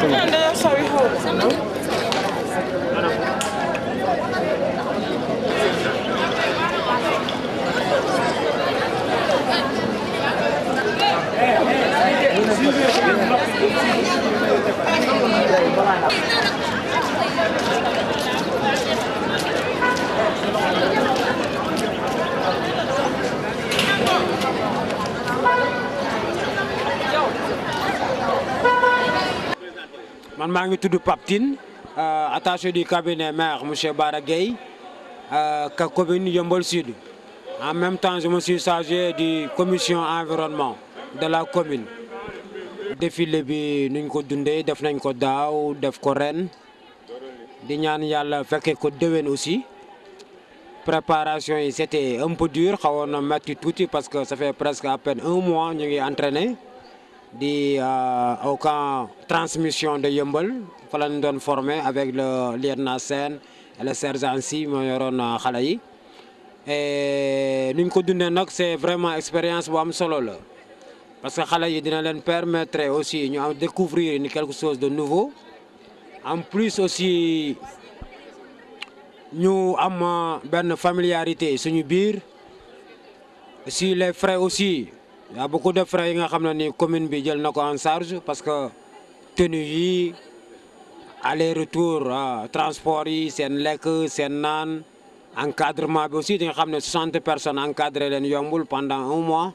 school? No, hey, hey. Je suis ngi euh, attaché du cabinet maire monsieur Baragay, euh la commune Yombol Sud en même temps je me suis chargé la commission environnement de la commune défilé bi nuñ ko dundé def nañ ko des def ko ren di ñaan yalla féké ko déwén aussi préparation c'était un peu dur on a metti touti parce que ça fait presque à peine un mois qu'on ngi entraîné di euh, au camp transmission de Yambol. Il nous formé avec le Sen et le sergent Si moo euh, et nous avons ko c'est vraiment expérience pour am parce que Khalayi, nous dina permettre aussi ñu découvrir quelque chose de nouveau en plus aussi nous am une euh, familiarité suñu biir c'est les frais aussi il y a beaucoup de frais qui ont la commune bi en charge parce que tenue, aller-retour, ah, transport, c'est lek, c'est nan, encadrement aussi, nous avons 60 personnes encadrées pendant un mois.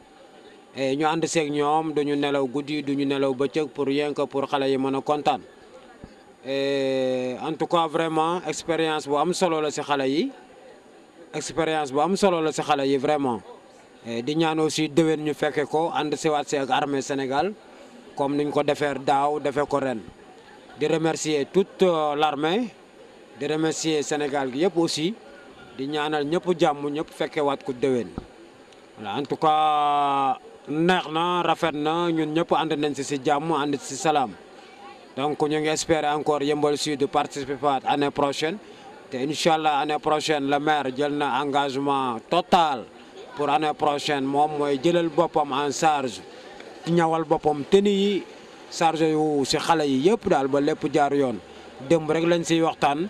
Et nous and des nous qui ont été goudi, duñu nelaw été pour rien que pour les gens content. Et en tout cas, vraiment, expérience, yi expérience, yi vraiment. Nous eh, ñaan aussi déwén ñu fekke ko ànd siwaat avec l'armée armée Sénégal comme niñ ko defee daaw defee ko ren di remercier toute euh, l'armée di remercier Sénégal gi nous aussi di ñaanal ñëpp jàmm ñëpp fekkewaat ko déwén voilà en tout cas neex na rafet na ñun ñëpp ànd nañ si si jàmm ànd si salaam donc ñu ngi espérer encore Yeumbeul Sud participer à année prochaine Et Inch'Allah, l'année prochaine le maire jël un engagement total pour année prochaine moom mooy jëlal boppam en charge ñawal boppam tenu yi charge yu si xale yi yëpp daal ba lépp jaar yoon démb rek lañ siy waxtaan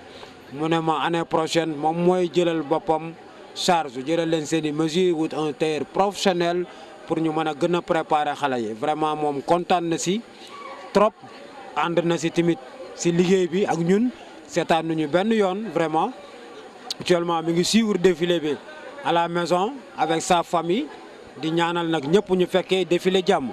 mu ne ma année prochaine moom mooy jëlal boppam charge jëlal leen seen i mesure wut en tailleur professionnel pour ñu mën a gën a préparer xale yi vraiment moom kontaan na si trop ànd na si tamit si liggéey bi ak ñun seetaan nañu benn yoon vraiment actuellement mi ngi suivre défilé bi. à la maison avec sa famille di ñaanal fait faire ñu de Djam.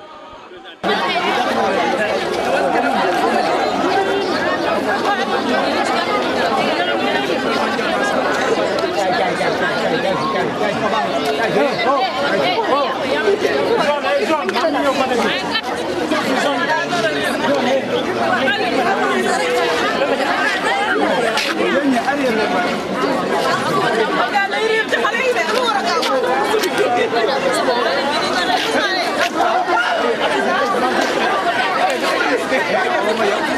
Vamos lá.